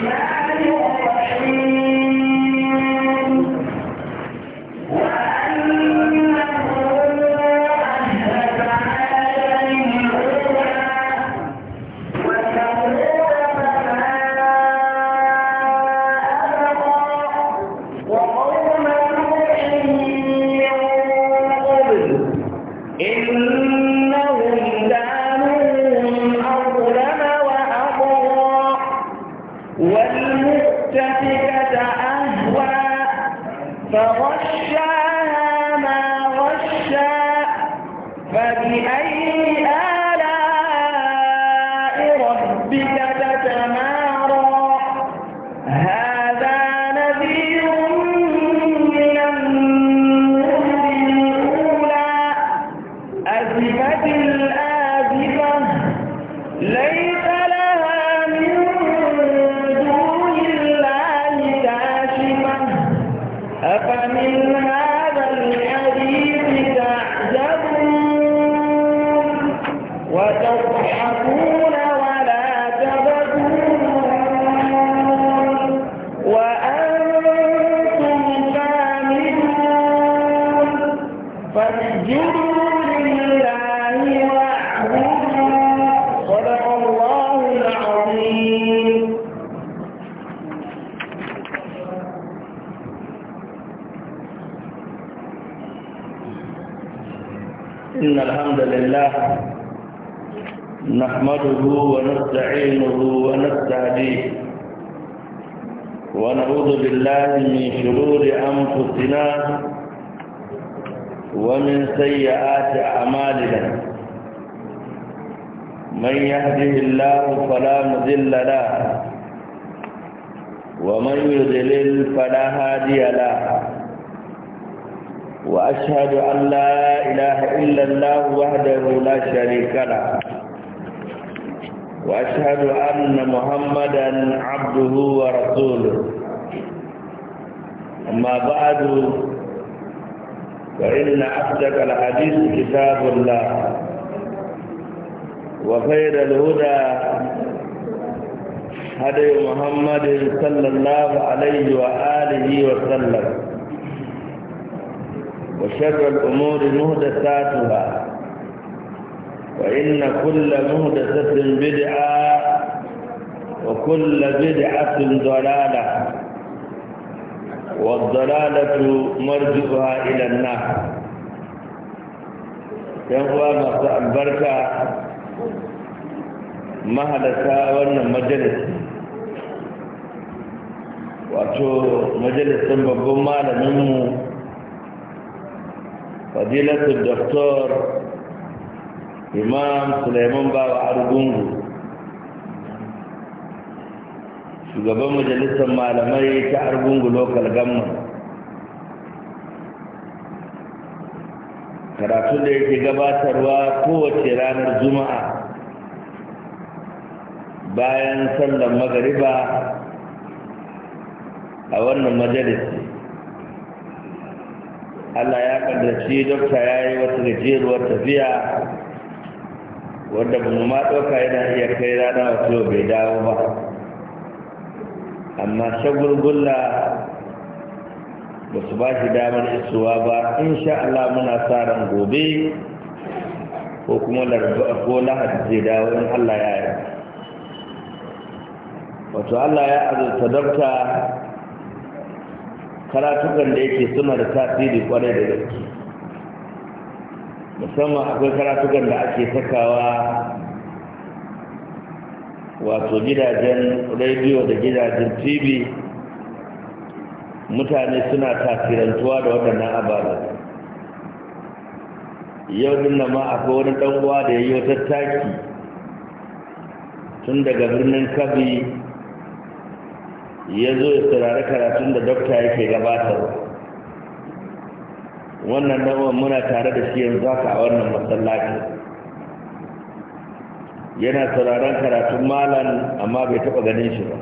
Yeah. نحمده ونستعينه ونستهديه ونعوذ بالله من شرور أنفسنا ومن سيئات أعمالنا من يهده الله فلا مذل له ومن يذلل فلا هادي له وأشهد أن لا إله إلا الله وحده لا شريك له وأشهد أن محمدا عبده ورسوله أما بعد فإن أصدق الحديث كتاب الله وخير الهدى هدي محمد صلى الله عليه وآله وسلم وشر الأمور مهدساتها فإن كل مهدسة بدعة وكل بدعة ضلالة والضلالة مرجعها إلى النار ينقوى مساء البركة مهدسة وأن مجلس wato majalisun babban malaminmu fadilatul doktor imam suleiman bawa argungu shugaban majalisar malamai ta argungu local government karatu da yake gabatarwa kowace ranar juma'a bayan sallar magariba a wannan majalisi allah ya kaddace dokta ya yi wata gajeruwar tafiya wanda ba mu ma ɗauka yana iya kai rana wasu bai dawo ba amma shagulgulla ba su ba shi damar isuwa ba in sha Allah muna sa ran gobe ko kuma larba ko lahadi zai dawo in Allah ya yi wato Allah ya azurta dabta karatukan da yake suna da tasiri kwarai da gaske musamman akwai karatukan da ake sakawa wato gidajen rediyo da gidajen tv mutane suna tasirantuwa da waɗannan abada yau dinna ma akwai wani uwa da ya yi wata taki tun daga birnin kabi ya zo ya saurari karatun da dokta yake gabatarwa wannan nawa muna tare da shi yanzu haka a wannan masallaci yana sauraron karatun malam amma bai taɓa ganin shi ba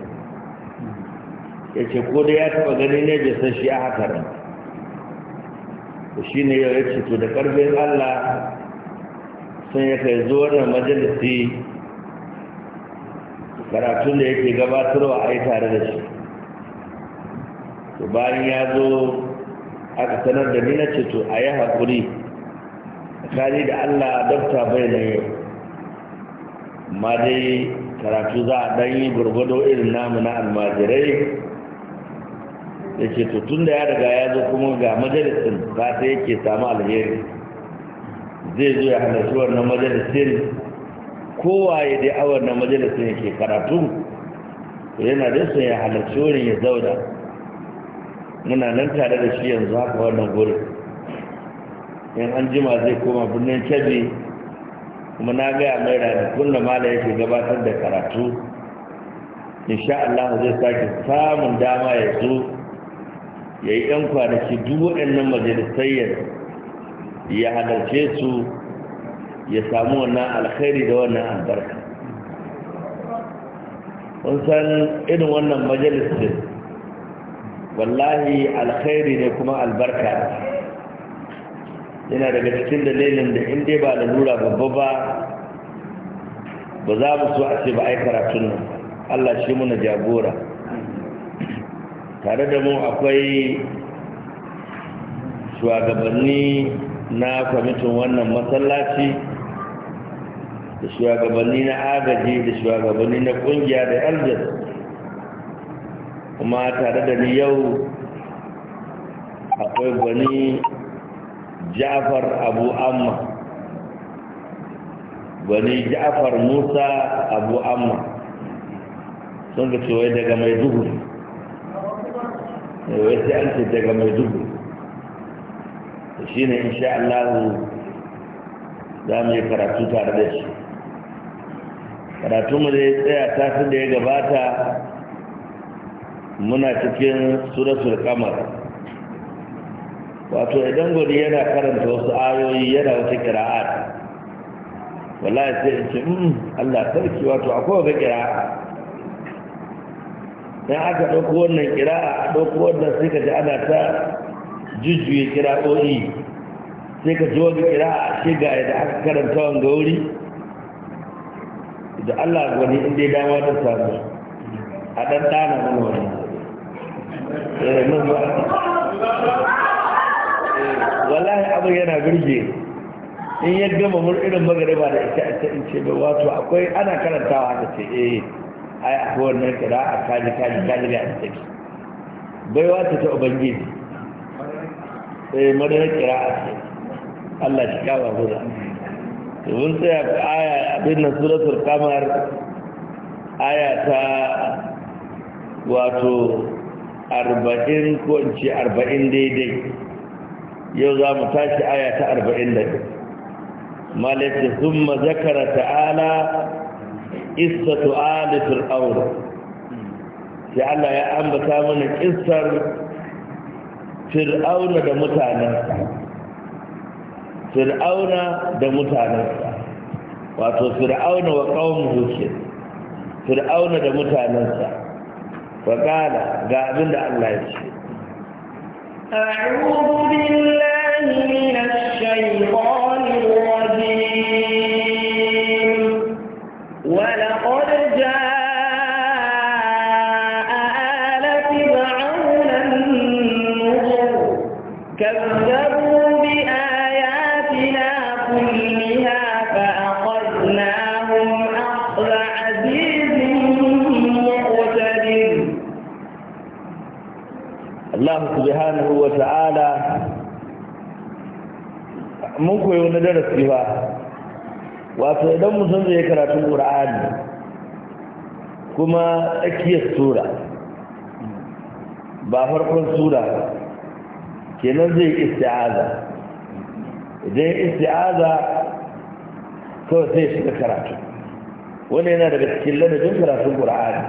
ya ce ko dai ya taɓa gani ne bai san shi a haka ba shi ne ya ce to da ƙarfin allah sun ya kai zo wannan majalisi karatun da yake gabatarwa a tare da shi to bayan ya zo aka sanar da ni na ce to a yi haƙuri kari da allah dabta bai na yau ma dai karatu za a ɗan yi gwargwado irin namu na almajirai Da ce to tun da ya riga ya zo kuma ga majalisin fata yake samu alheri zai zo ya halarci wannan majalisin kowaye dai awar na majalisin yake karatu yana da sun ya halarci wurin ya zauna muna nan tare da shi yanzu haka wannan gurin in an jima zai koma birnin kebbi kuma na gaya mai ranakun da mala yake gabatar da karatu insha Allah zai sake samun dama ya zo ya yi ɗan kwanaki duk waɗannan majalisai ya halarce su ya samu wannan alkhairi da wannan albarka kun san irin wannan majalisin wallahi alkhairi ne kuma albarka yana daga cikin dalilin da in dai ba lalura babba ba ba za mu so a ce ba ai karatun nan Allah shi muna jagora tare da mu akwai shugabanni na kwamitin wannan masallaci da shugabanni na agaji da shugabanni na kungiya da aljar kuma tare da ni yau akwai gwani jafar abu amma gwani jafar musa abu amma sun ga cewa daga mai duhu eh, wai sai an ce daga mai duhu shi ne insha Allah za mu yi karatu tare da shi karatu mu ya tsaya su da ya gabata muna cikin suratul kamar wato idan guri yana karanta wasu ayoyi yana wata kira'a wallahi sai in ce hmm, Allah sarki wato akwai wata kira'a dan aka dauko wannan kira'a a dauko wannan sai ka ji ana ta jujjuye kira'o'i sai ka ji wani kira'a ce ga yadda aka karanta wani gauri da Allah gwani inda ya dawo ta samu a ɗan ɗana wani wani Eh, eh, wallahi abin yana birge in yi gama mur irin magariba da ita ita in ce wato akwai ana karantawa da ce eh ai akwai wannan kira a kaji kaji kaji da ita ke baiwa ta ta ubangiji eh madarar kira a ce Allah shi kawo huda mun tsaya aya abin nan suratul kamar aya ta wato arba'in ko in ce arba'in daidai yau za mu tashi aya ta arba'in da malaita sun mazakara ta'ala isa ali fir'aun sai Allah ya ambata mana isar fir'auna da mutanensa fir'auna da mutanensa wato fir'auna wa qaumuhu fir'auna da mutanensa wa kala ga abin da Allah ya ce. A'udhu billahi minash wani darasi ba wato idan mutum zai karatun ƙur'ani kuma tsakiyar sura ba farkon sura kenan zai isti'aza idan isti'aza kawai sai shiga karatu wani yana daga cikin ladabin karatun ƙur'ani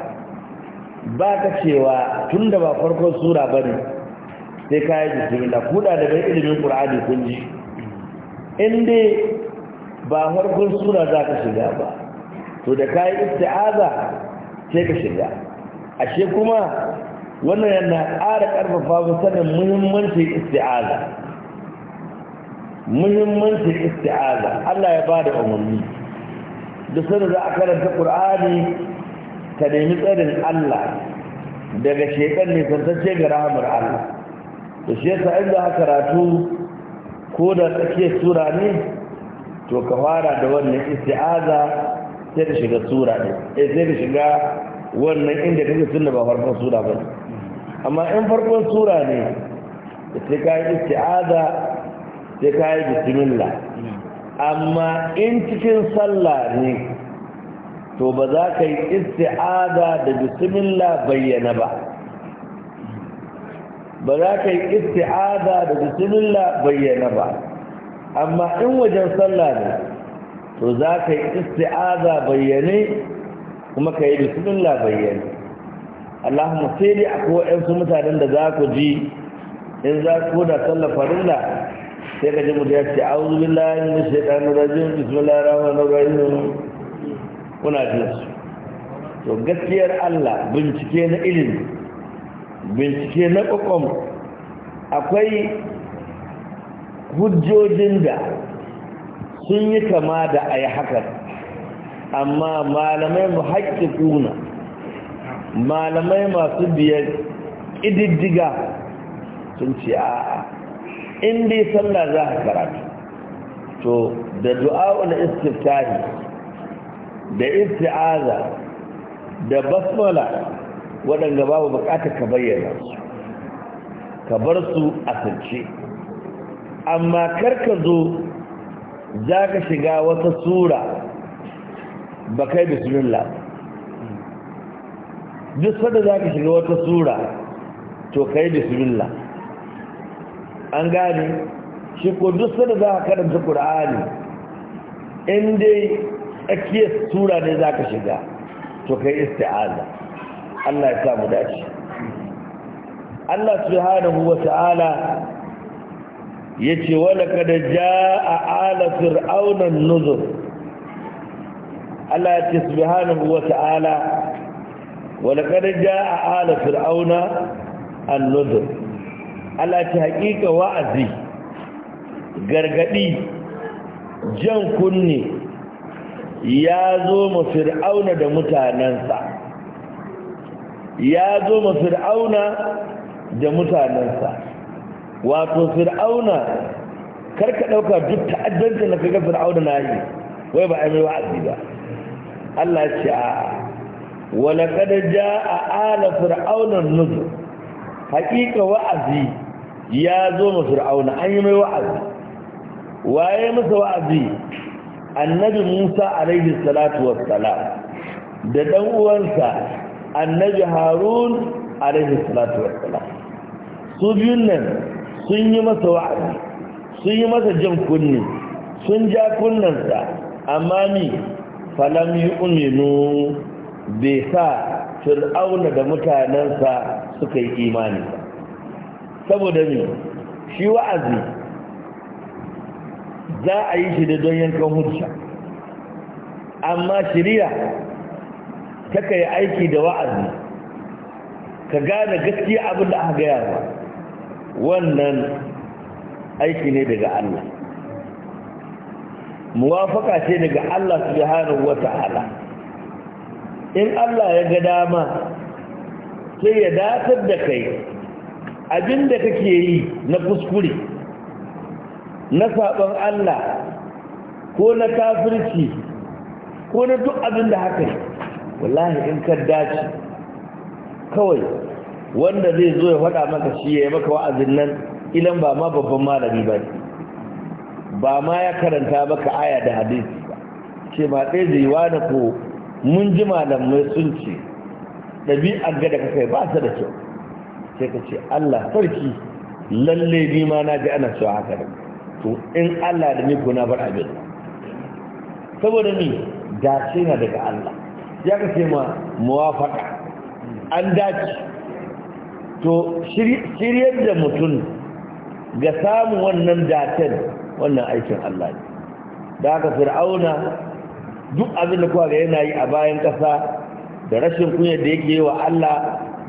ba ka cewa tun da ba farkon sura ba ne sai kayan jisirila kuɗa da bai ilimin ƙur'ani kun ji inda ba farkon suna za ka shiga ba to da ka yi isti'aza sai ka shiga ashe kuma wannan yana ƙara ƙarfafa sanin muhimmancin isti'aza muhimmancin isti'aza Allah ya bada umarni da sanin za a karanta Qur'ani ka nemi tsarin Allah daga shekar ne santacce ga rahamar Allah to shi yasa aka karatu ko da tsakiyar sura ne to ka fara da wannan isti'aza sai da shiga sura ne eh sai da shiga wannan inda kake sunna ba farkon sura ba amma in farkon sura ne sai ka yi isti'aza sai ka yi bismillah amma in cikin sallah ne to ba za ka yi isti'aza da bismillah bayyana ba ba za ka yi isti'aza da bismillah bayyana ba amma in wajen sallah ne to za ka yi isti'aza bayyane kuma ka yi bismillah bayyane Allahumma sai dai akwai su mutanen da za ku ji in za ku da sallah farilla sai ka ji mu ya ce a'udhu billahi min shaitanir rajim bismillahir rahmanir rahim kuna jin su to gaskiyar Allah bincike na ilimi bincike na ƙwaƙwam akwai hujjojin da sun yi kama da a yi hakan amma malamai mu haƙƙi kuna malamai masu biyar ƙididdiga sun ce a in dai sallah za a karatu to da na istiftahi da isti'aza da basmala waɗanda babu buƙatar ka bayyana su ka bar su a sance amma karka zo za ka shiga wata sura ba kai bismillah duk sada za ka shiga wata sura to kai bismillah an gane shi ko duk sada za ka karanta ƙura'ani in dai tsakiyar sura ne za ka shiga to kai isti'aza Allah ya samu dace Allah subhanahu wa ta'ala yace wala kad jaa ala fir'auna an-nuzur Allah ya ce subhanahu wa ta'ala wala kad jaa ala fir'auna an-nuzur Allah ya ce hakika wa'azi gargadi jan kunne ya zo mu fir'auna da mutanansa ya zo ma fir'auna da mutanensa wato fir'auna karka ɗauka duk ta'addanta da kaga fir'auna na yi wai ba a mai wa'azi ba Allah ce a kada ja a ala fir'aunar nuzu haƙiƙa wa'azi ya zo ma fir'auna an yi mai wa'azi waye masa wa'azi annabi musa alaihi salatu wassalam da ɗan uwansa annabi harun alaihi salatu wassalam su biyun nan sun yi masa wa'azi sun yi masa jin kunni sun ja kunnansa amma ni falam yi uminu bai sa fir'auna da mutanensa suka yi imani saboda ne shi wa'azi za a yi shi da don yankan hujja amma shirya ta yi aiki da wa'azi ka gane gaskiya abin da aka gaya ba wannan aiki ne daga Allah muwafaka ce daga Allah subhanahu wata'ala in Allah ya ga dama sai ya datar da kai abinda kake yi na kuskure na sabon Allah ko na kafirci ko na duk abinda haka yi wallahi in ka dace kawai wanda zai zo ya faɗa maka shi ya yi maka wa'azin nan ilan ba ma babban malami ba ne ba ma ya karanta maka aya da hadisi ce ma ɗaya zai yiwa na ko mun ji malamai sun ce ɗabi'ar ga da kai ba ta da kyau sai ka ce Allah sarki lalle ni ma na ji ana cewa haka to in Allah da ni ko na bar abin saboda ni dace na daga Allah ya kace ma muwafaka an dace to shiryar da mutum ga samun wannan datan wannan aikin Allah ne da aka fir'auna duk abin da kowa yana yi a bayan ƙasa da rashin kunyar da yake yi wa Allah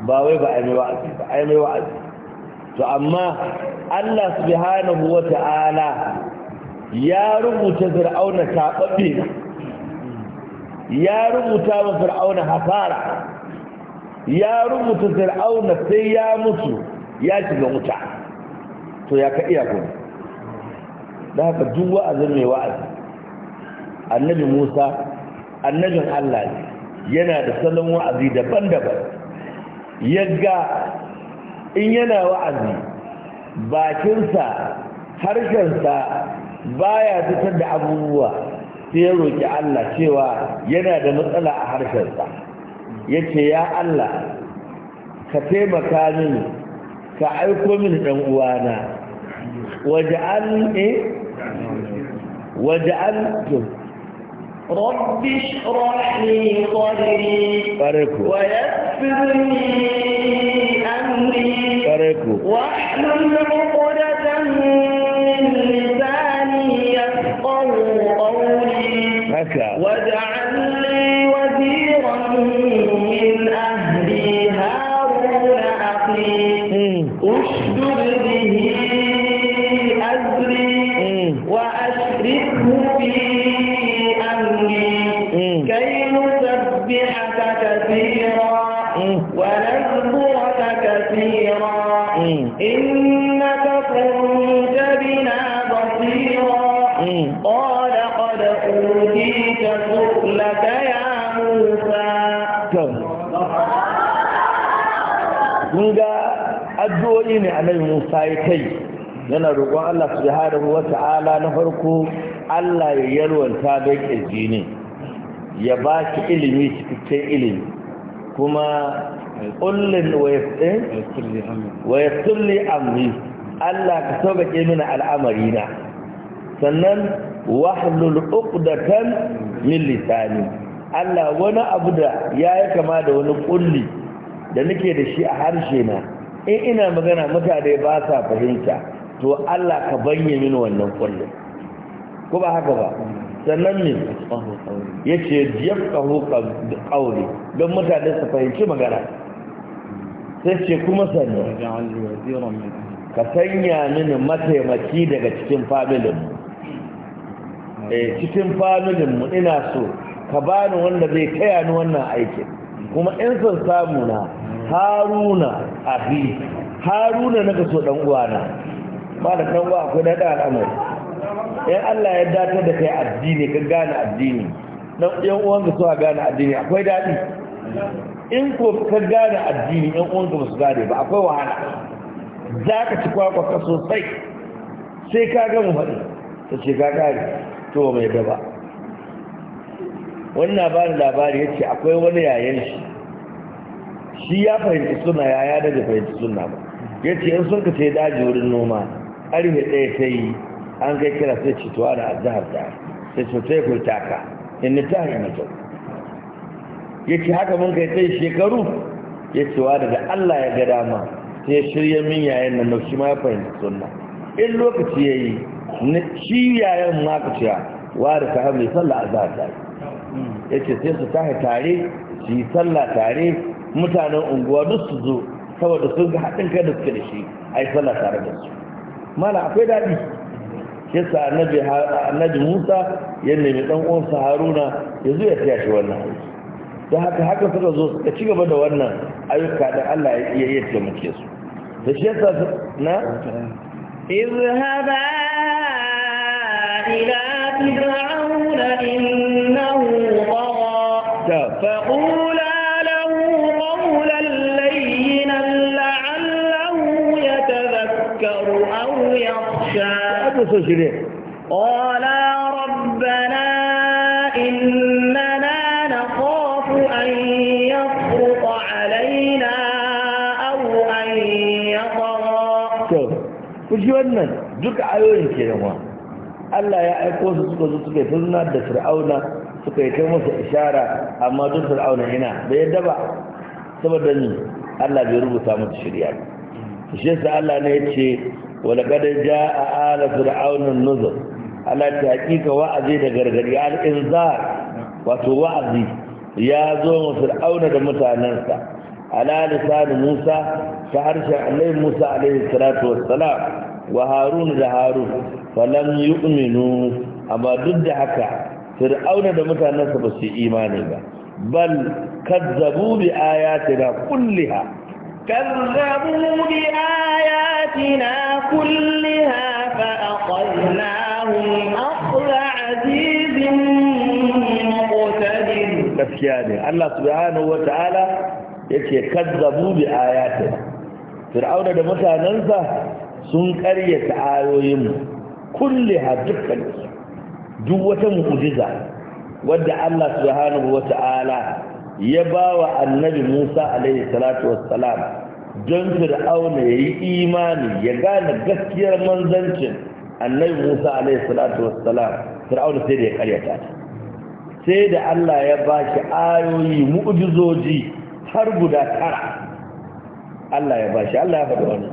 ba wai ba a yi wa'azi ba a yi wa'azi to amma Allah subhanahu wa ta'ala ya rubuta fir'auna ta ɓabe. ya rubuta wa fir'auna hasara ya rubuta fir'auna sai ya mutu ya shiga wuta to ya ka iya kuma da haka duk wa'azin mai wa'azi annabi musa annabin allah ne, yana da salon wa'azi daban-daban Yaga in yana wa'azi bakinsa harshensa baya fitar da abubuwa sai ya roƙi Allah cewa yana da matsala a harshensa ya ce ya Allah ka taimaka min ka aiko min ɗan uwana waje an ne waje an رب اشرح لي صدري ويسر لي أمري ka. Wajen annabi Musa ya kai yana roƙon Allah subhanahu wa ala na farko Allah ya yalwanta don kirji ne ya ba ki ilimi cikakken ilimi kuma ƙullin wa yasulli eh? amri Allah ka sauƙaƙe mini al'amari na sannan wahlul uqdatan min lisani Allah wani abu da ya yi kama da wani ƙulli da nake da shi a harshe na in ina magana mutane ba sa fahimta to Allah ka bayyana mini wannan kullum ko ba haka ba sannan ne ya ce yafqahu qawli don mutane su fahimci magana sai ce kuma sannan ka sanya min mataimaki daga cikin familin mu eh cikin familin mu ina so ka bani wanda zai taya ni wannan aikin kuma in sun samu na haruna abi haruna na kaso dan uwana ba da dan uwa akwai da al'amari in Allah ya datar da kai addini ka gane addini dan yan uwan ka so ka gane addini akwai dadi in ko ka gane addini yan uwan ka ba su gane ba akwai wahala za ka ci kwakwa ka sosai sai ka gama faɗi ta ce ka gane to mai gaba wannan labarin labari ya ce akwai wani yayan shi shi ya fahimci suna ya ya daga fahimci suna ba ya ce yin sun ka ce daji wurin noma ƙarfe ɗaya ta yi an kai kira sai cutuwa da azahar ta sai cuta ya kulta taka in ni ta hanyar mutum ya ce haka mun kai tsaye shekaru ya ce wa daga allah ya ga dama sai ya shirya min yayan nan shi ma ya fahimci suna in lokaci ya yi shi yayan ma ka ciya wa da ka hamle sallah azahar ta ya ce sai su tahi tare su yi sallah tare mutanen unguwa duk su zo saboda sun ga haɗin kai da suke da shi a yi sallah tare da su mana akwai daɗi shi sa annabi musa ya nemi ɗan uwansa haruna ya zo ya taya shi wannan aiki don haka haka suka zo suka ci gaba da wannan ayyuka da allah ya iya iya taimake su da shi sa na izhaba ila fir'auna innahu tagha fa su su shirye qala rabbana innana nakhafu an alaina an wannan duka ayoyin kenan wa Allah ya aiko su suka zo suka yi da fir'auna suka yi kai masa ishara amma duk fir'auna yana bai yadda ba saboda ni Allah bai rubuta mata shirya ba shi Allah ne ya ce ولقد جاء آل فرعون النذر على تحقيق وعظي ده غرغري على الانذار wato wa'azi ya zo wa fir'auna da mutanensa ala lisan Musa ta harshen Annabi Musa alaihi salatu wassalam wa Harun da Harun falam yu'minu amma duk da haka fir'auna da mutanensa ba su imani ba bal kazzabu bi ayatina kulliha kazzabu bi ayatina كلها فأخذناهم أخذ عزيز مقتدر gaskiya Allah subhanahu wata'ala yace kazzabu bi ayatina fir'auna da mutanansa sun karyata ayoyin mu kulliha dukkan duk wata mu'jiza wadda Allah subhanahu Ta'ala ya bawa annabi Musa alaihi salatu wassalam don fir'auna ya yi imani ya gane gaskiyar manzancin annabi musa alaihi salatu wassalam fir'auna sai da ya karyata sai da allah ya ba shi ayoyi mu'ujizoji har guda tara allah ya ba shi allah ya faɗi wani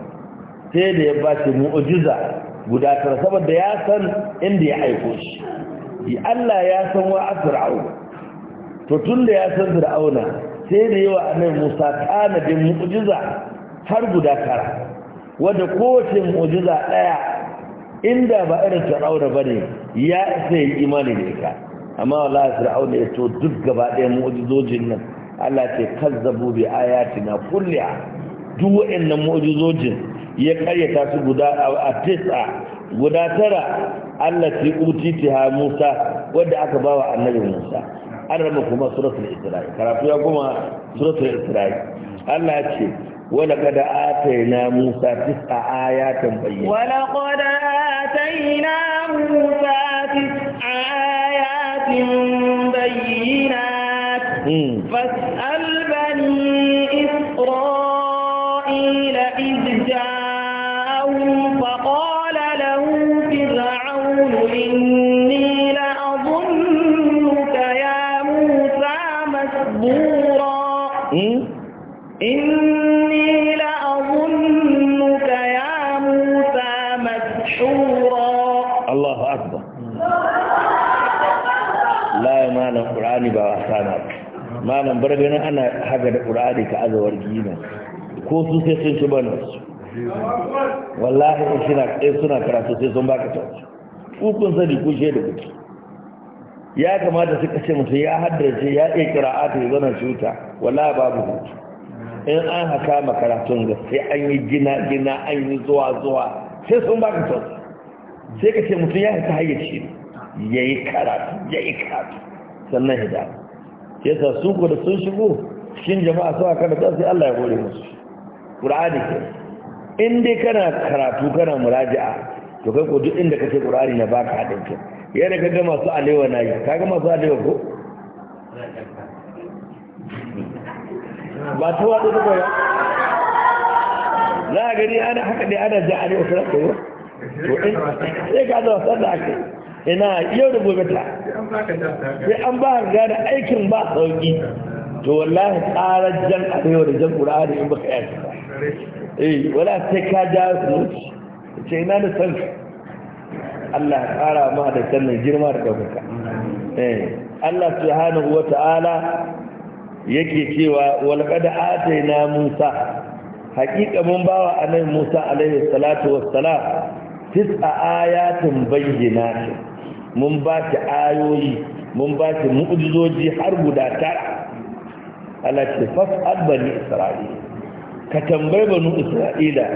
sai da ya ba shi mu'ujiza guda tara saboda ya san inda ya aiko shi Allah ya san wa fir'auna to tun da ya san fir'auna sai da yawa annabi Musa tanadin mu'jiza har guda tara wadda kowace mu'jiza ɗaya inda ba irin fir'auna ba ne ya isa yi imani da ita amma wallahi fir'auna ya to duk gaba daya mu'jizojin nan Allah ce kazzabu bi ayatina kulliya duk waɗannan mu'jizojin ya karyata su guda a tisa guda tara Allah ce ha Musa wadda aka bawa annabi Musa an rama kuma suratul Isra'i karatu ya kuma suratul Isra'i Allah ya ce ولقد آتينا موسى تسع آيات بينات ولقد آتينا موسى تسع آيات بينات فاسأل ba laye malam ƙur'ani ba wasa na malam bar ana haga da ƙur'ani ka azawar gina ko su sai sun ci bane su wallahi in suna suna karatu sai sun baka ta kun sani kun shaida kuke ya kamata suka ce mutum ya haddace ya iya ƙira'ata, ya zana shuta wallahi babu hutu in an haka makaratun ga sai an yi gina gina an yi zuwa zuwa sai sun baka ta sai ka ce mutum ya ta hayyace ya yi karatu ya yi karatu sannan ya dawo ya sa su da sun shigo cikin jama'a kada ta sai Allah ya gode musu Qur'ani ke in dai kana karatu kana muraji'a to kai ko duk inda kace Qur'ani na baka hadin ka ya da kaga masu alewa nayi ga masu alewa ko ba ta wato ta ya? za a gani ana haka dai ana ja alewa sai ko To sai ka zama sanda ake ina yau da gobe ta sai an ba ka gane aikin ba sauki to wallahi tsarar jan arewa da jan ƙura da in baka yaki ba eh wala sai ka ja su mutu ce ina da san Allah ya ƙara ma da sannan girma da ɗaukaka eh Allah subhanahu wa ta'ala yake cewa walƙad ataina Musa haƙiƙa mun bawa anan Musa alaihi salatu wa salam. tis'a ayatin bayyinatin mun ba ki ayoyi mun ba ki mu'jizoji har guda tara Allah ce fas albani isra'ila ka tambayi banu isra'ila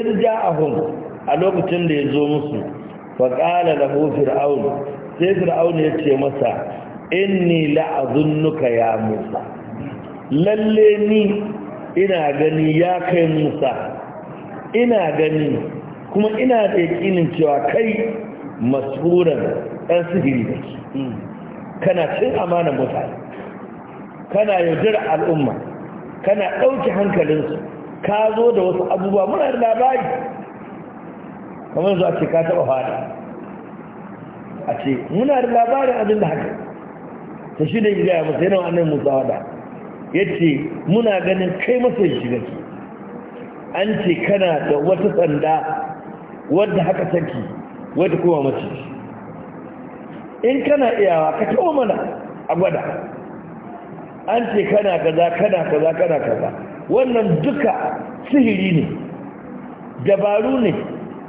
in ja'ahum a lokacin da ya zo musu fa qala lahu fir'aun sai fir'aun ya ce masa inni la'azunnuka ya musa lalle ni ina gani ya kai musa ina gani kuma ina da yakinin cewa kai masuran ɗan sihiri da ke kana cin amanar mutane kana yaudar al'umma kana ɗauki hankalinsu ka zo da wasu abubuwa muna da labari kamar zuwa ce ka taɓa fada a ce muna da labarin abin da haka ta shi ne yi ya masa yana wannan musa wada ya ce muna ganin kai masa shiga gaki an ce kana da wata sanda wadda haka sanki wadda kowa mace in kana iyawa ka taɓa mana a gwada an ce kana kaza kana kaza kana kaza wannan duka sihiri ne dabaru ne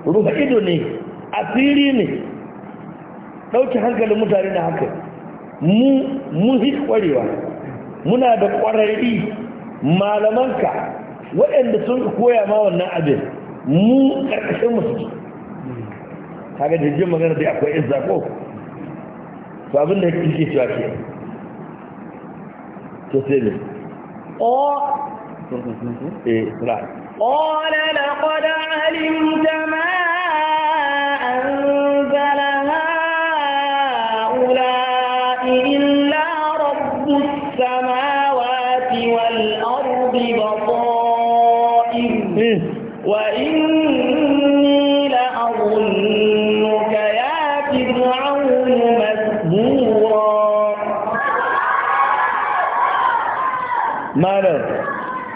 rufe ido ne asiri ne ɗauki hankalin mutane na haka mu mun kwarewa muna da ƙwararri malamanka waɗanda sun koya ma wannan abin mu karkashin mu suke da jin magana dai akwai izza ko to abin da yake cewa ke to sai ne o eh ra qala laqad alimta ma anzala وإني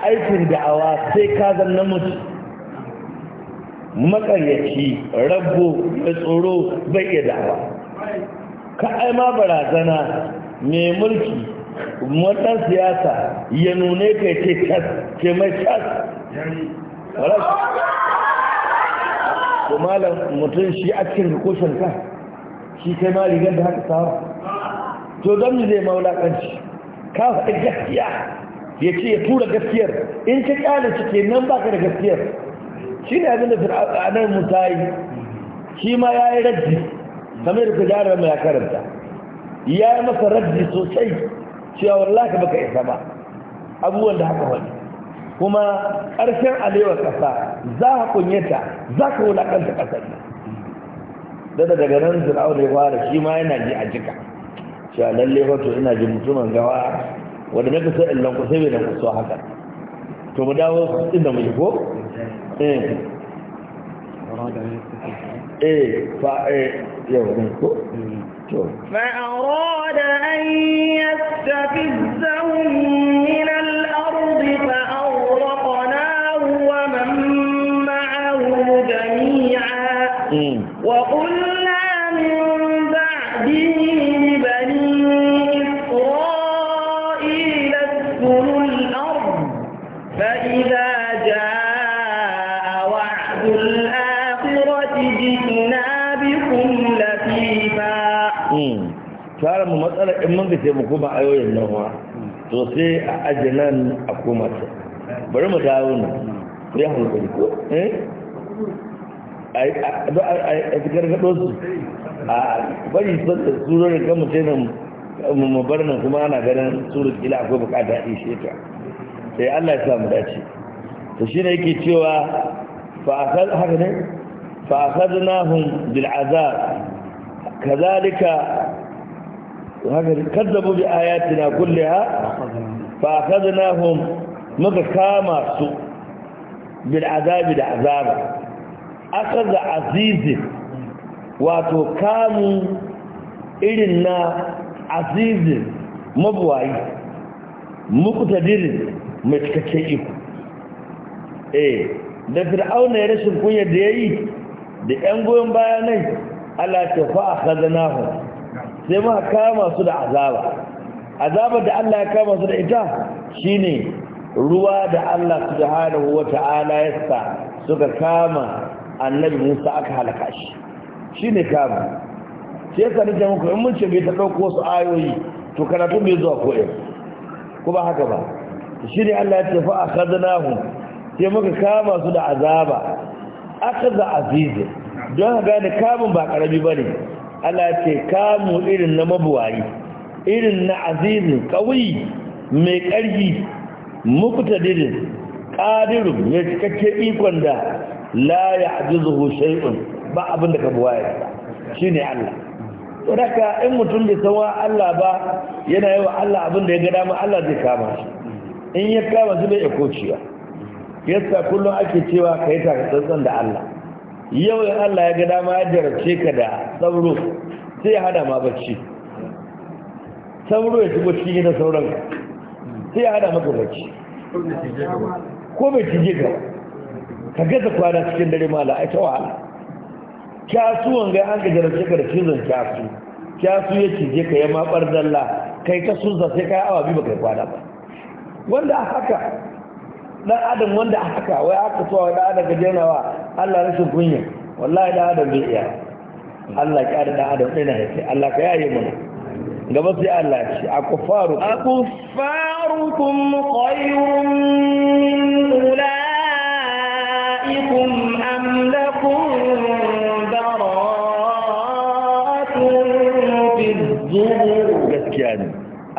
aikin da'awa sai ka zanna mutu makaryaci rabbo da tsoro bai iya da'awa ka aima barazana mai mulki wata siyasa ya nune ka ce ke mai cas ko malam mutum shi a cikin rikoshin ka shi kai ma rigar da haka samu to don mu zai maulakanci ka faɗi gaskiya ya ce ya tura gaskiyar in ka kyale shi ke nan baka da gaskiyar shi ne abinda fir'aunar musa yi shi ma ya yi rajji kamar da kujarar mai karanta ya yi masa rajji sosai cewa wallahi baka isa ba abubuwan da haka wani kuma ƙarshen alewar ƙasa za a kunyata za ka wulaƙanta ƙasar nan da daga nan zira'u da fara shi ma yana ji a jika shi a lalle wato ina ji mutumin gawa wadda na kusa illan kusa bai da kusa haka to mu dawo inda mu ko eh. eh fa eh yau ne ko to fa arada an yi min al الأرض فإذا جاء وعد الآخرة جئنا بكم لفيفا fara mu matsala in mun gace mu kuma ayoyin nan wa to sai a ajinan a koma ta bari mu dawo nan ku yi hankali ko eh a gargaɗo su a bari sun da surorin kan mutum mu bar nan kuma ana ganin surat ila akwai bukata a ishe ta sai Allah ya samu dace to shi ne yake cewa fa akhad haka ne fa akhadnahum bil azab kadhalika haka kazzabu bi ayatina kullaha fa akhadnahum muka kama su bil azabi da azaba akhadha azizin wato kamu irin na azizin mabuwayi muktadirin mai cikakken iko eh da fir'auna ya rashin kunya da ya yi da yan goyon bayanai ala tafa akhadnahu sai ma kama su da azaba azaba da Allah ya kama su da ita shine ruwa da Allah subhanahu wata'ala ya sa suka kama annabi Musa aka halaka shi shine kama shi yasa nake muku in mun ce bai ta ɗauko wasu ayoyi to karatu bai zuwa ko ko ba haka ba shi ne Allah ya ce fa akhadnahu sai muka kama su da azaba akhadha aziz don ga ne kamun ba karami bane Allah ya ce kamu irin na mabuwayi irin na aziz kawai mai ƙarfi muqtadirin qadirun mai cikakke ikon da la ya'jizuhu shay'un ba abin da ka buwaye shine Allah saboda in mutum bai san wa Allah ba yana yawa Allah abin da ya ga dama Allah zai kama shi in ya kama shi bai ya kociya yasa kullum ake cewa ka yi takatsantsan da Allah yau in Allah ya ga dama ya jarabce ka da sauro sai ya hada ma bacci sauro ya shigo cikin gidan sauran sai ya hada maka bacci ko bai cije ka ka gaza kwana cikin dare ma la'aita wahala kyasu wanga an ga jarabce ka da cizon kyasu kyasu ya cije ka ya maɓar dalla kai ka sunza sai ka awa biyu ba kai kwana ba wanda a haka dan adam wanda a haka wai aka wa dan adam ga jenawa Allah rashin kunya wallahi dan adam bai iya Allah ya da dan adam dai na yake, Allah ka yaye mana gaba sai Allah ya ce akufaru akufarukum khayrun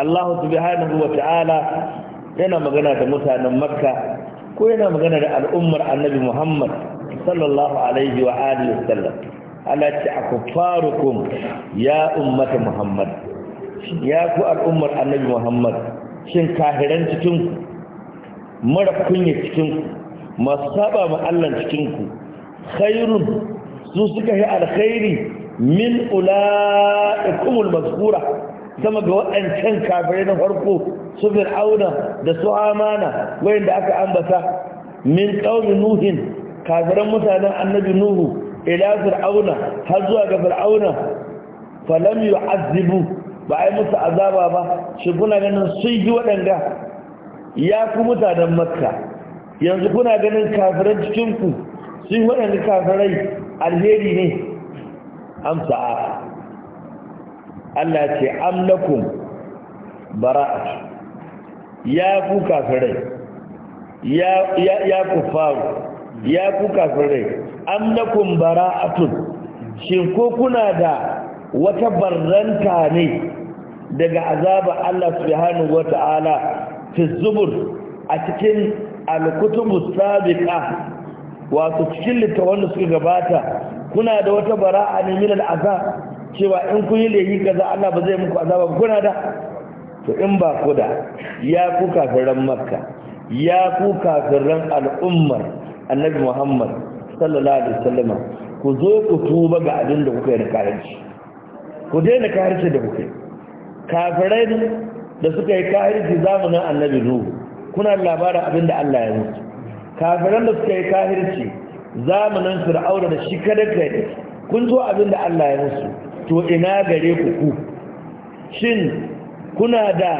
Allah subhanahu wa ta'ala yana magana da mutanen makka ko yana magana da al'ummar annabi muhammad sallallahu alaihi wa alihi wasallam Allah ce a kufarukum ya ummata muhammad ya ku al'ummar annabi muhammad shin kahiran cikinku mara kunya cikinku masu saba ma Allah cikinku khairun su suka yi alkhairi min ula'ikumul mazkura sama ga waɗancan kafirai na farko su fir'auna da su amana wayanda aka ambata min qaumi nuhin kafiran mutanen annabi nuhu ila fir'auna har zuwa ga fir'auna falam yu'azzibu ba ai musu azaba ba shi kuna ganin sun yi waɗanga ya ku mutanen makka yanzu kuna ganin kafiran cikinku sun yi waɗanda kafirai alheri ne Amsa'a. Allah ce amlakum bara'a ya ku kafirai ya ya ya ku faru ya ku kafirai amlakum bara'atun shin ko kuna da wata barranta ne daga azaba Allah subhanahu wata'ala fi zubur a cikin alkutubu sabiqa wato cikin littafin da suka gabata kuna da wata bara'a ne min al'azab cewa in kun yi laifi kaza Allah ba zai muku azaba ba kuna da to in ba ku da ya ku kafiran makka ya ku kafiran al'ummar annabi muhammad sallallahu alaihi wasallam ku zo ku tuba ga abin da kuka yi da karanci ku daina karanci da kuka yi kafirai da suka yi kahirci zamanin annabi nuhu kuna labarin abin da Allah ya mutu kafiran da suka yi kahirci zamanin fir'aura da shi kada kai kun zo abin da Allah ya musu to ina gare ku ku shin kuna da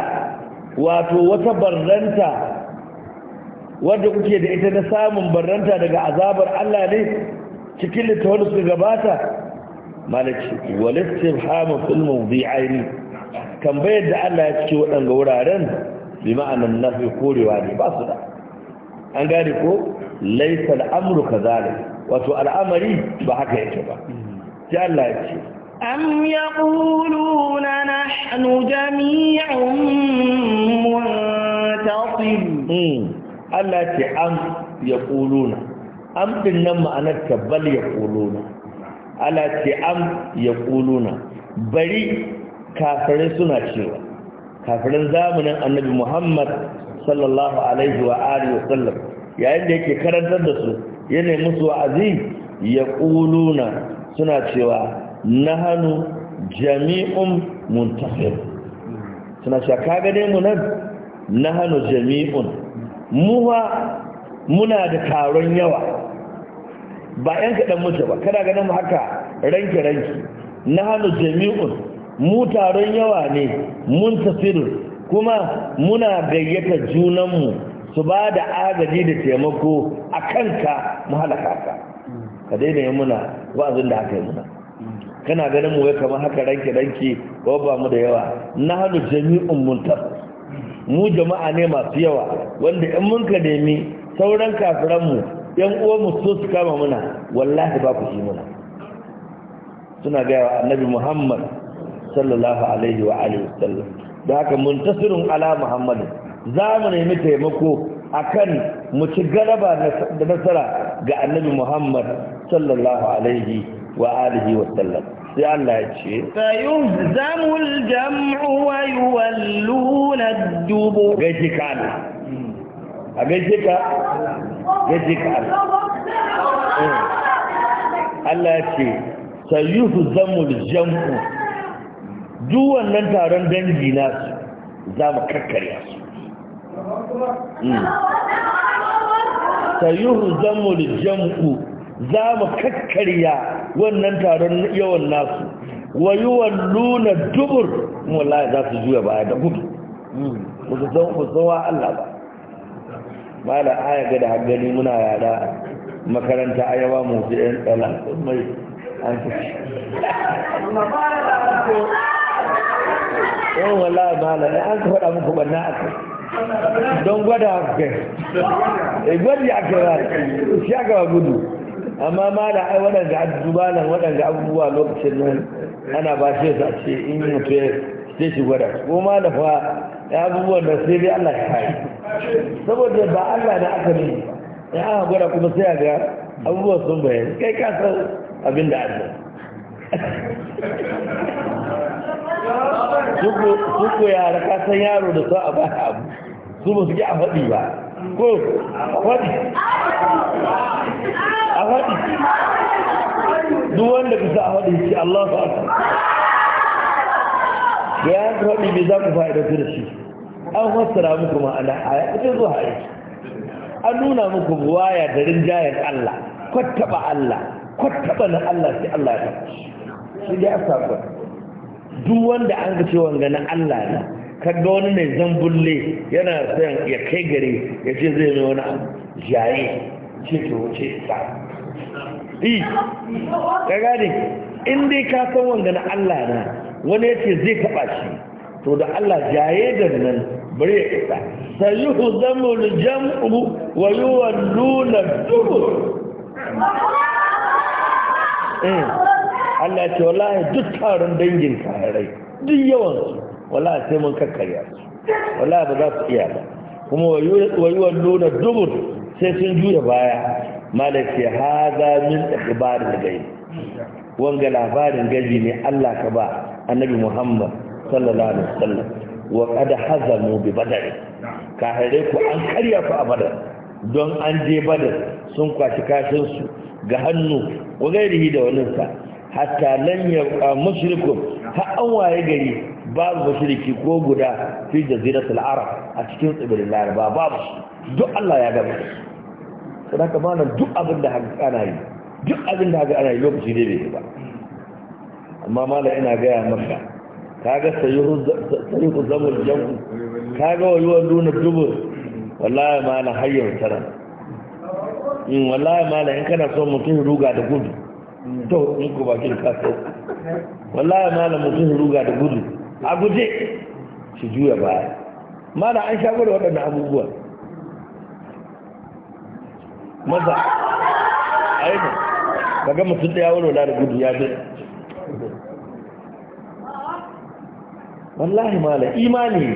wato wata barranta wadda kuke da ita na samun barranta daga azabar Allah ne cikin littafin suka gabata malaki walistirhamu fil mawdi'aini tambayar da Allah ya ce waɗanga wuraren bi ma'anan nafi korewa ne ba su da an gane ko laysa al'amru kazalik wato al'amari ba haka yake ba sai Allah ya ce أم يقولون نحن جميع منتصر التي أم يقولون أم تنمى أنك بل يقولون التي أم يقولون bari kafirin suna cewa kafirin zamanin annabi muhammad sallallahu alaihi wa alihi wasallam yayin da yake karantar da su yana musu wa'azi ya kuluna suna cewa nahanu jami'un muntasir suna sha kaga dai mu nan nahanu jami'un muwa muna da taron yawa ba yan kaɗan mutu ba kada ganin mu haka ranki Na nahanu jami'un mu taron yawa ne muntasirun kuma muna gayyata junan mu su ba da agaji da taimako a kanka mu ka ka daina muna wa'azin da aka yi muna kana ganin mu ya kama haka ranke ranke ko ba mu da yawa na hannu jami'un muntar mu jama'a ne masu yawa wanda in mun ka nemi sauran kafiran mu yan uwa mu so su kama muna wallahi ba ku shi muna suna ga annabi muhammad sallallahu alaihi wa alihi wasallam da haka muntasirun ala muhammad za mu nemi taimako akan mu ci galaba da nasara ga annabi muhammad sallallahu alaihi wa alihi wasallam sai Allah ya ce zamul jam'u wa yuwalluna dubu. dubur gaji ka Allah a gaji ka gaji ka Allah eh. Allah ya ce sayuhzamul jam'u duk wannan taron dangi na su za mu kakkarya su hmm. zamul jam'u za mu kakkarya wannan taron yawan nasu wa yi walluna dubur wallahi za su juya baya da gudu ba su san kusurwa Allah ba ba da aya ga da haggani muna yada makaranta a yawa musu yan tsala mai an fi yan wallahi ba da an ka faɗa muku ɓanna a kai don gwada haka kai eh, gwada ya ba shi aka ba gudu amma ma da ai waɗanda azubalan waɗanda abubuwa lokacin nan ana ba shi su a ce in yi mutu ya ce shi gwada ko ma da fa ya abubuwan da sai dai Allah ya kayi saboda ba Allah da aka ne ya aka gwada kuma sai a ga abubuwan sun bayan kai ka san abin da Allah suku yara ka san yaro da sa a ba abu su ba su ji a faɗi ba ko a faɗi a faɗi duk wanda ku sa a faɗi Allah fa aka da ya ka faɗi me za ku fa'ida ku da shi an fassara muku ma'ana a ya kuce zuwa a an nuna muku buwaya da rinjayen Allah kwattaba Allah kwattaba na Allah sai Allah ya faɗi shi dai a sakon duk wanda an ga cewa ga na Allah ne kaga wani mai zambulle yana son ya kai gare ya ce zai mai wani jaye ce ke wuce sa di ka gane in dai ka san wanda na Allah na wani ya ce zai taɓa shi to da Allah jaye da nan bari ya isa sayuhu zamul jam'u wa yi wa nuna duhu eh, Allah ce wallahi duk taron dangin kayarai duk yawan su wallahi sai mun kakkarya su wallahi ba za su iya ba kuma wa nuna dubur sai sun juya baya malam ce haza min ibarin gai wanga labarin gaji ne Allah ka ba annabi Muhammad sallallahu alaihi wasallam wa qad hazamu bi badar ka hare ku an karya ku a badar don an je badar sun kwashi kashin su ga hannu wa gairihi da wannan sa hatta lan ya mushrikun har an waye gari babu mushriki ko guda fi jaziratul arab a cikin tsibirin laraba babu duk Allah ya gaba sana ka malam duk abin da haka ana yi duk abin da haka ana yi lokaci ne bai ba amma mala ina gaya maka kaga sayi ku zama jamu ga wayuwar nuna dubu wallahi mala hayyar tara in mm, wallahi mala in kana son mutum ruga da gudu to in ku bakin ka so wallahi mala mutum ruga da gudu a guje shi juya baya mala an shago da waɗannan abubuwan maza aiko ka gama da daya wani wadanda gudu ya bi wallahi mala imani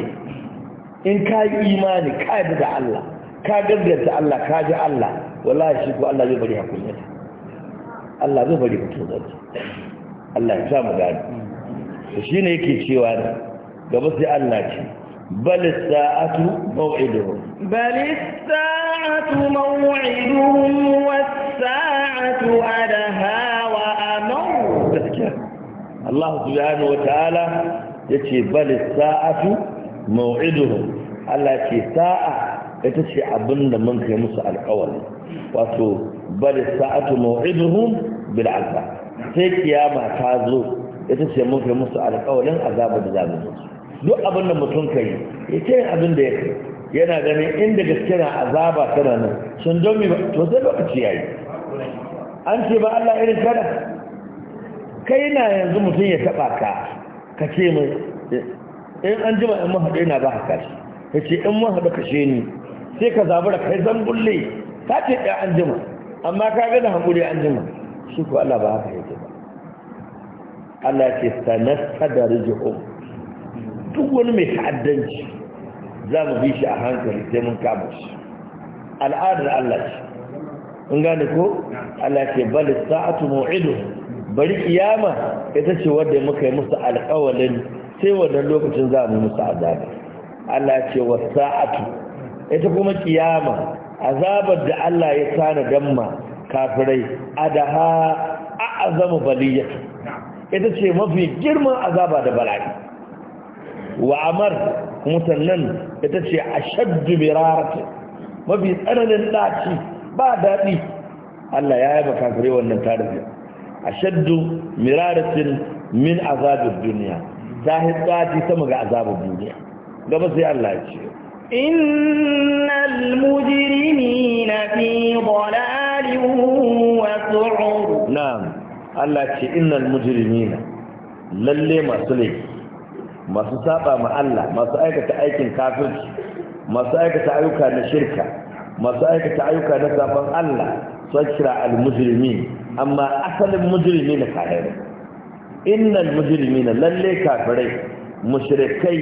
in ka yi imani ka yi da Allah ka gaggata Allah ka ji Allah wallahi shi ko Allah zai bari hakunyata Allah zai bari mutum zai Allah ya samu gani shi ne yake cewa ne, gaba sai Allah ce bal sa'atu maw'iduhum bal balista Allah su ya ni wata ala ya ce bali sa’a su ma’udu hu, Allah ce sa’a ya ce abin mun kai musu alkawari, wato bali sa’a su ma’udu hu bil sai kiya ba ta zo ya ce mun kai musu alkawarin azabar da zabi musu. Duk abin da mutum ya kai abin ya kai, yana ganin inda gaske na azaba tana nan sun don mi to sai lokaci yayi an ce ba Allah irin kada kai na yanzu mutum ya taba ka ka ce mai eh, in an jima in mahaɗe na za ka kashi ka ce in ka she ni sai ka zabura kai zan bulle ka ce ɗaya eh, an jima amma ka da hakuri an jima shi ko Allah ba haka yake ba Allah ya ce sanar da rijiyo duk wani mai ta'addanci za mu bi shi a hankali sai mun kama shi al'adar Allah ce in gane ko Allah ce bali sa'atu mu'idu bari kiyama ita ce wanda muka yi musu alƙawalin sai wannan lokacin za mu musu azaba Allah ce wa sa'atu ita kuma kiyama azabar da Allah ya tana damma kafirai adaha a'azamu baliyatu ita ce mafi girman azaba da bala'i wa amar kuma sannan ita ce a shaddu birarata mafi tsananin ɗaci ba daɗi Allah ya yaba kafirai wannan tarihi a shaddu miraratin min azabin duniya ta hitsaci sama ga azabin duniya gaba sai Allah ya ce Inna innal na fi dhalalin wasu su'ur Na Allah ce inna innal na, lalle masu laifi masu saba ma Allah masu aikata aikin kafirci masu aikata ayyuka na shirka masu aikata ayyuka na saban Allah sun kira al mujrimi amma asalin mujrimin kafirai innal mujrimina lalle kafirai mushrikai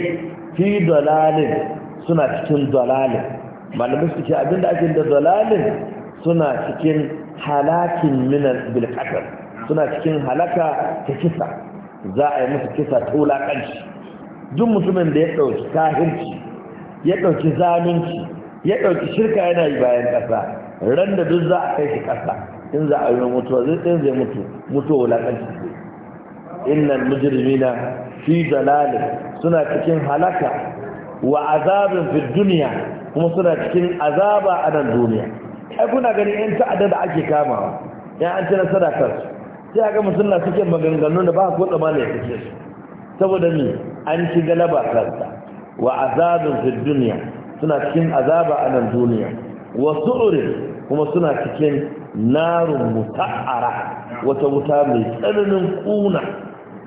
fi dalalin suna cikin dalalin malamu su ce abinda ake da dalalin suna cikin halakin minan bilkatar suna cikin halaka ta kisa za a yi musu kisa ta wulaƙanci duk mutumin da ya ɗauki kahirci ya ɗauki zalunci ya ɗauki shirka yana yi bayan kasa, ran da duk za a kai shi ƙasa in za a yi mutuwa zai tsayin zai mutu mutuwa wulaƙanci innal mujrimina fi dalalin suna cikin halaka wa azabin fi duniya kuma suna cikin azaba a nan duniya ai kuna ganin yan ta'adda da ake kamawa ya an ci nasara kansu sai ga musulna suke maganganu da ba ko da ya kace su saboda ni an ci galaba kansa wa azabin fi duniya suna cikin azaba a nan duniya wa su'urin kuma suna cikin narun muta'ara wata wuta mai tsananin kuna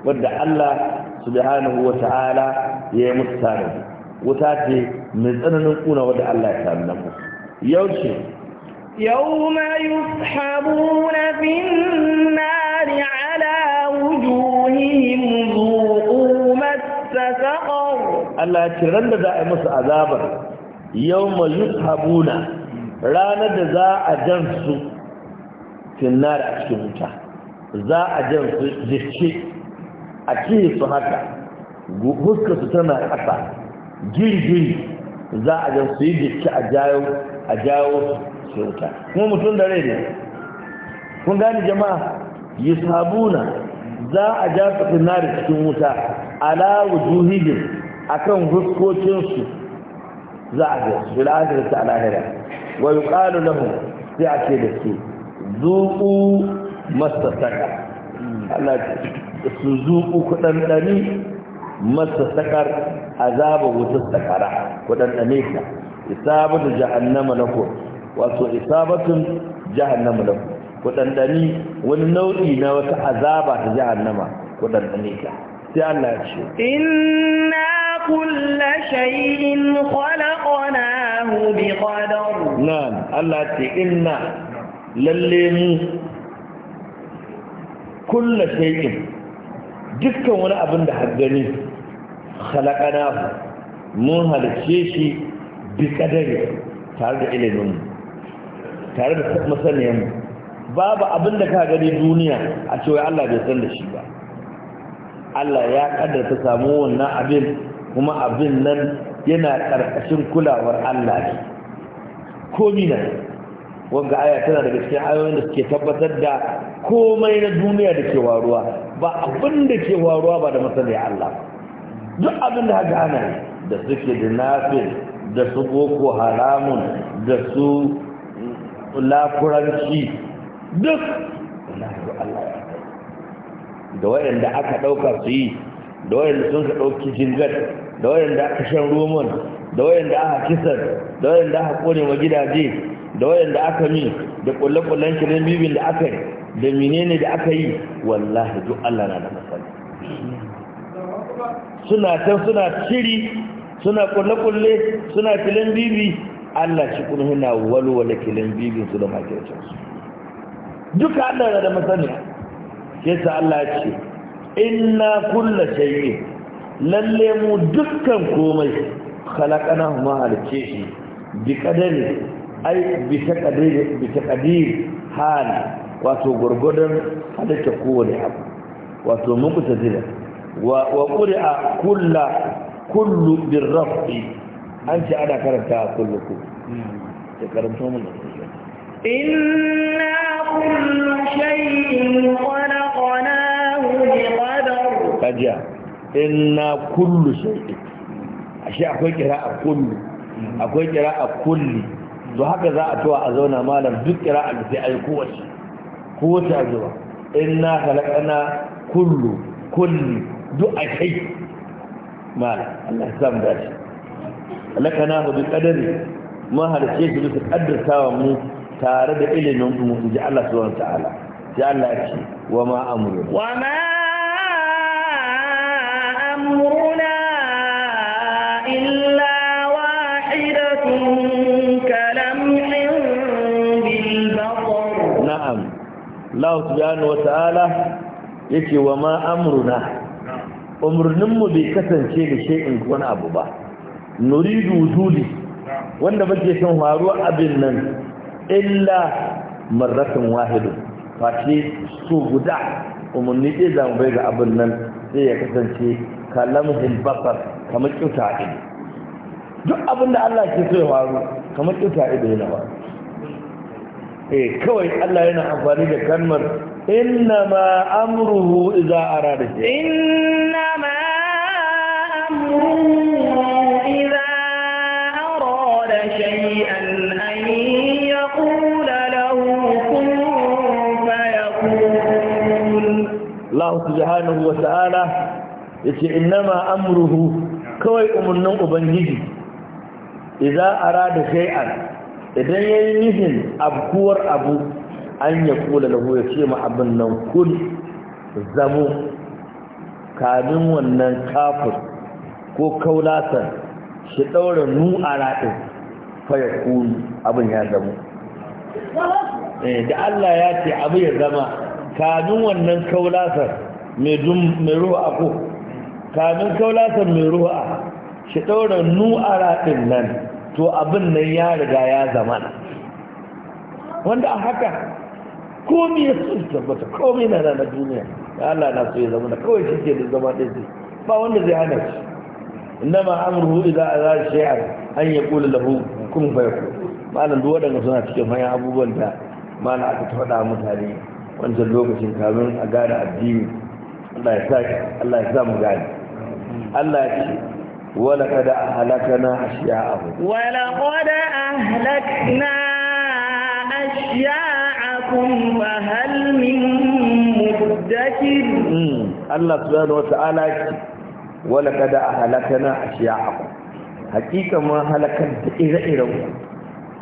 wadda Allah subhanahu wa ta'ala ya yi musu tanadi wuta ce mai tsananin kuna wadda Allah ya tanada musu yau ce يوم يسحبون في النار على وجوههم hatta sa'aw Allah ya ce ran da za a yi musu azabar yawma yuhabuna ranar da za a jan su finnar a cikin wuta za a jan su jikke a cikin su haka huska su tana kasa girgir za a jan su yi jikke a jawo a jawo su wuta kuma mutum da rai ne kun gani jama'a yuhabuna za a jan su finnar a cikin wuta ala wujuhihim akan huskocin su za a ga su da ajira ta alahira wa yuqalu lahum sai ake da su zuqu mastasaka Allah su zuqu kudan dani mastasakar azaba wutar sakara kudan dane ta isabatu jahannama lakum wato isabatun jahannama lakum kudan dani wani nau'i na wata azaba ta jahannama kudan dane ta sai Allah ya ce inna kulla shay'in khalaqnahu biqadar nan Allah ya ce inna lalle mu kulla shay'in dukkan wani abin da haggani khalaqnahu mun halice shi bi kadari tare da ilimin tare da masaniyan babu abin da ka gani duniya a cewa Allah bai san da shi ba Allah ya ta samu wannan abin kuma abin nan yana karkashin kulawar Allah ne komi na wanga aya tana daga cikin ayoyin da suke tabbatar da komai na duniya da ke waruwa ba abin da ke waruwa ba da masaniya Allah duk abin da haka ana da suke da nafil da su boko haramun da su lafuranci duk Allah da waɗanda aka ɗauka su yi da waɗanda sun ka ɗauki jingar da waɗanda aka shan roman da waɗanda aka kisar da waɗanda aka kone wa gidaje da waɗanda aka mi da ƙulle-ƙullen kiran bibin da aka yi da menene da aka yi wallahi duk Allah na da masana suna can suna shiri suna ƙulle-ƙulle suna kiran bibi Allah shi kuma yana walwala kiran bibin su da makircinsu duka Allah na da masaniya yasa Allah ya ce inna kulla shay'in lalle mu dukkan komai khalaqanahu ma halice shi bi qadari ai bi taqdir bi taqdir hal wato gurgudan halitta kowane abu wato muku tazira wa wa qur'a kulla kullu birrafi an ce ana karanta kullu ku ta karanto mun inna kullu shay'in qala karanta jiya inna kullu shay'i ashe akwai kira'a kullu akwai kira'a kulli to haka za a tuwa a zauna malam duk kira'a da sai ayi kowace kowace a zuwa inna khalaqana kullu kulli duk a kai malam Allah ya samu dace lakana bi qadari ma halice shi bisa kaddartawa mu tare da ilimin mu inji Allah subhanahu wa ta'ala ji Allah ya ce wa ma amru wa ma Allah subhanahu wata'ala yake wa ma amruna umurnin mu bai kasance da shay'in wani abu ba nuridu wujudi wanda muke son faruwa abin nan illa marratan wahidu face su guda umurni ɗaya za mu bai ga abin nan sai ya kasance kalamhin basar kamar kyauta ido duk abin da Allah ke so ya faru kamar kyauta ido yana faru eh kawai Allah yana amfani da kalmar inna ma amruhu idza arada inna ma amruhu idza arada shay'an an yaqula lahu kun fayakun Allah subhanahu wa ta'ala yace inna ma amruhu kawai umurnin ubangiji idza arada shay'an idan ya yi nihin abuwar abu an ya kula lahu ya ce ma abin nan kun zamo kamin wannan kafin ko kaulatar shi ɗaura nu a raɗin faya kun abin ya zamo eh, da Allah ya ce abu ya zama kamin wannan kaulatar mai ruwa ko. kamin kaulatar mai ruwa shi ɗaura nu a raɗin nan to abin nan ya riga ya zama wanda a haka komi ya su tabbata komi na na duniya ya Allah na so ya zama da kawai shi ke da zama ɗin zai ba wanda zai hana shi inda ma amurhu idza a shay'an an yaqulu lahu kun fayakun malam duk waɗanda suna cikin manyan abubuwan da malam aka faɗa mutane wancan lokacin kamin a gane addini Allah ya sa Allah ya sa mu gane Allah ya ce ولقد أهلكنا أشياءهم ولقد أهلكنا أشياءكم فهل من مدكر الله سبحانه وتعالى ولقد أهلكنا أشياءكم حقيقة ما هلكت إذا إذا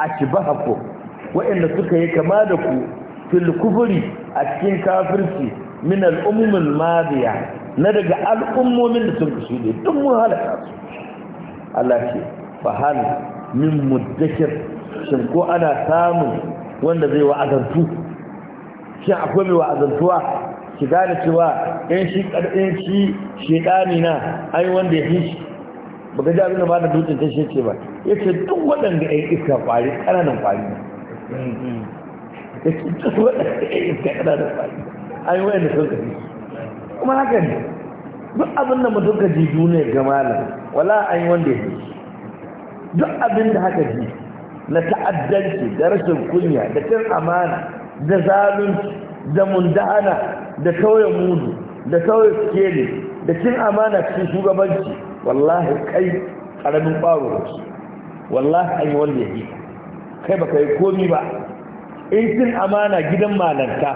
أشبهكم وإن سكي كما دكو في الكفر أتكين كافرتي من الأمم الماضية na daga al'ummomin da sun kushe duk mun halaka su Allah ce fa hal min mudakkir shin ko ana samun wanda zai wa'azantu shin akwai mai wa'azantuwa ki gane cewa in shi ƙarɗin shi shedani na ai wanda ya fi shi baka ji abin da ba da dutsen ta shece ba ya ce duk waɗanda yi iska kwari ƙananan kwari ne ya ce duk waɗanda yi iska ƙananan kwari ai waɗanda sun ka fi kuma haka ne duk abin da mutum ka ji duniyar ga malam wala an yi wanda ya yi duk abin da haka ji na ta'addanci da rashin kunya da cin amana da zalunci da mundana da tauye mudu da tauye skele da cin amana cikin shugabanci wallahi kai karamin ɓaro da su wallahi an yi wanda ya yi kai ba kai komi ba in cin amana gidan malanta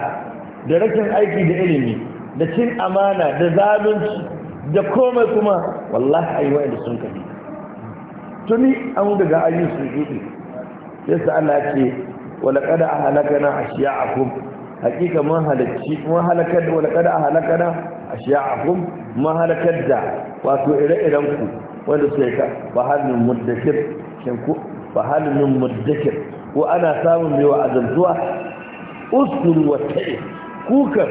da rashin aiki da ilimi da cin amana da zalunci da komai kuma wallahi ayyuwa da sun kabi tuni an daga ayi su juɗe sai sa Allah ce wala kada a halakana a a hakika mun halakci man halakar da wala kada a halakana a halakar da wato ire-iren ku wanda su ka ba halin muddakir shin ku ba halin muddakir ko ana samun mai wa azantuwa usul wa ta'i kukan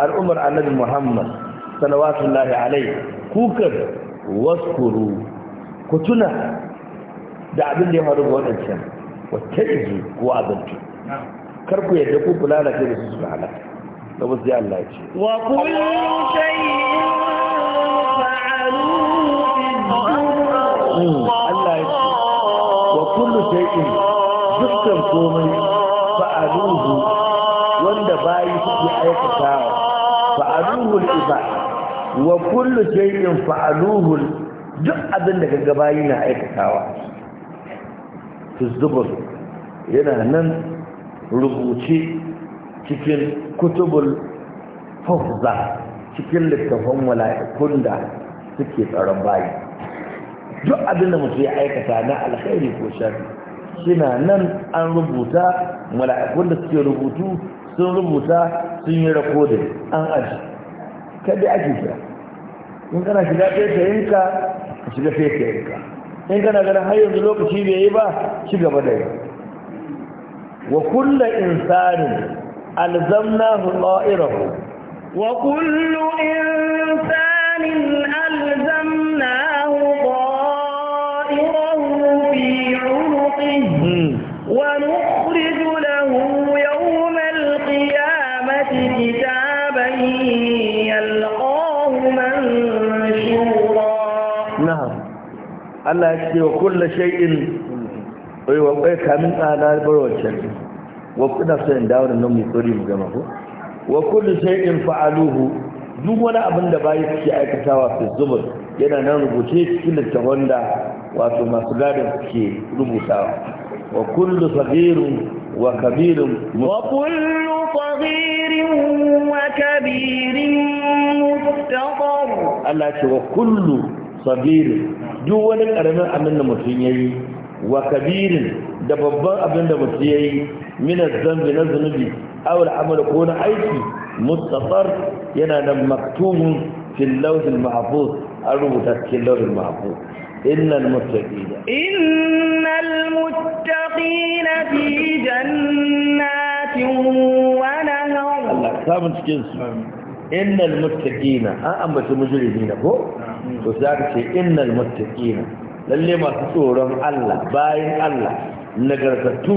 al'ummar annabi muhammad lahi alai kukan waskuru ku tuna da abin da ya faru ga waɗancan wata iji ko abinci. kar ku yadda ku kula da ke da su suka halaka da wasu ya Allah ce wa kullu shay'in fa'alu hmm, Allah ya ce wa kullu shay'in dukkan komai fa'aluhu wanda bayi suke aikatawa fa'aluhu al-ibad wa kullu shay'in fa'aluhu duk abin da bayi na aikatawa tuzubur yana nan rubuce cikin kutubul hafza cikin littafin mala'ikun da suke tsaron bayi duk abin da mutum ya aikata na alkhairi ko sharri suna nan an rubuta mala'ikun da suke rubutu sun rubuta sun yi rakodin an aji kada ake kira in kana shiga fetayinka ka shiga fetayinka in kana gana har yanzu lokaci bai yi ba ci gaba da yi wa kulla insanin alzamnahu ta'irahu wa kullu insanin alzamnahu ta'irahu fi 'unuqihi hmm. wa nuqi Allah ya ce wa kullu shay'in wai wa kai kamin tsada barwacin wa kuna so in dawo da nan mu tsori mu gama ko wa kullu shay'in fa'aluhu duk wani abin da bai ci aikatawa fi zubur yana nan rubuce cikin littafin da wato masu gadin suke rubutawa wa kullu saghirun wa kabirun wa kullu saghirin wa kabirin mustaqar Allah ya ce wa kullu sabirin duk wani karamin abin da mutum ya yi wa kabirin da babban abin da mutum ya yi minas zambi na zunubi awul amal ko na aiki mustafar yana da maktubun fil lauhin mahfuz an rubuta cikin lauhin mahfuz innal muttaqina innal muttaqina fi jannatin wa nahar Allah samun cikin su innal muttaqina an ambaci mujrimina ko to za ka ce innal muttaqina lalle masu tsoron Allah bayan Allah nagartattu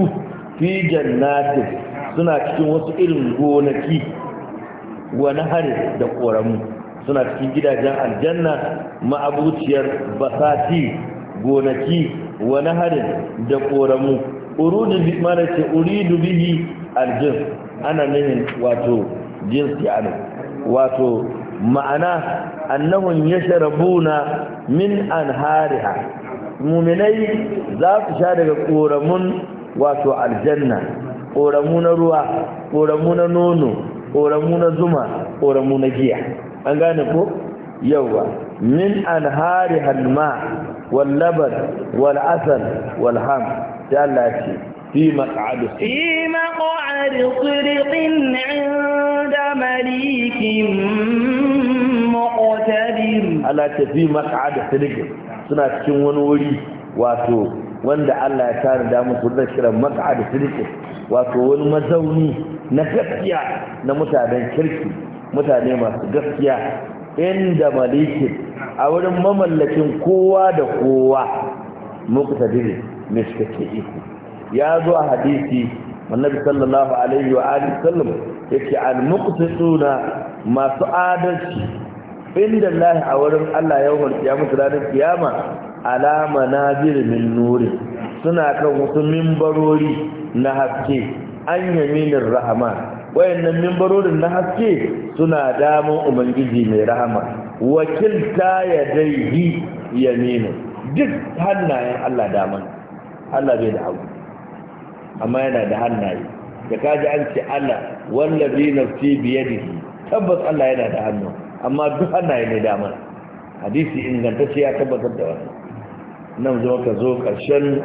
fi jannati suna cikin wasu irin gonaki wa nahari da ƙoramu, suna cikin gidajen aljanna ma'abuciyar basati gonaki wa naharin da koramu urudin bi ma ce uridu bihi aljin ana nufin wato jinsi ana wato ma'ana annahum yashrabuna min anhariha mu'minai za su sha daga koramun wato aljanna koramu na ruwa koramu na nono koramu na zuma koramu na giya an gane ko yawa min anhariha alma wal wallabar, wal asal wal ham sai Allah في مقعد في مقعد صدق عند مليك مقتدر ألا في مقعد صدق suna cikin wani wuri wato wanda Allah ya tare da musu da kiran maq'ad sidiki wato wani mazauni na gaskiya na mutanen kirki mutane masu gaskiya inda malikin a wurin mamallakin kowa da kowa muqtadiri cikakke iko ya zo a hadisi annabi sallallahu alaihi wa alihi sallam yake al-muqtasuna masu adalci inda Allah a wurin Allah yawmal kiyamah ranar kiyama ala manazir min nuri suna kan wasu mimbarori na haske an yaminin rahama wayannan mimbarorin na haske suna daman ubangiji mai rahama wakilta ya yi yaminin duk hannayen Allah daman Allah bai da hagu amma yana da hannaye da kaji an ce Allah wallazi nafsi biyadihi tabbas Allah yana da hannu amma duk hannaye ne dama hadisi ingantacce ya tabbatar da wannan nan zo ka zo karshen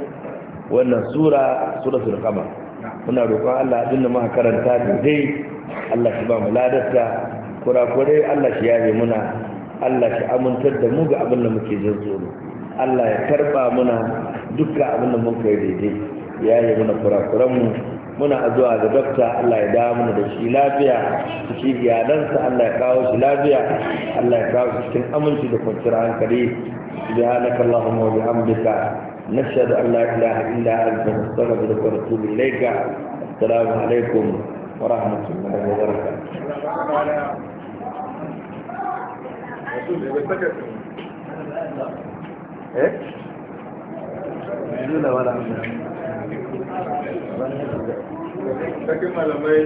wannan sura sura kama muna roƙon Allah abinda maka karanta dai Allah shi ba mu ladarta kurakurai Allah shi yaye muna Allah shi amintar da mu ga abin da muke jin tsoro Allah ya karba muna dukkan abin da muka yi daidai ya yi mana kurakuranmu muna addu'a ga dokta Allah ya dawo mana da shi lafiya shi iyalansa Allah ya kawo shi lafiya Allah ya kawo shi cikin aminci da kwanciyar hankali سبحانك اللهم وبحمدك نشهد ان لا اله الا انت نستغفرك ونتوب اليك السلام عليكم ورحمه الله وبركاته. sakin malamai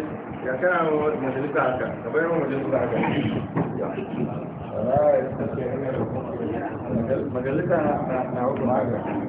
ya kana majalisa haka ka bayar majalisa haka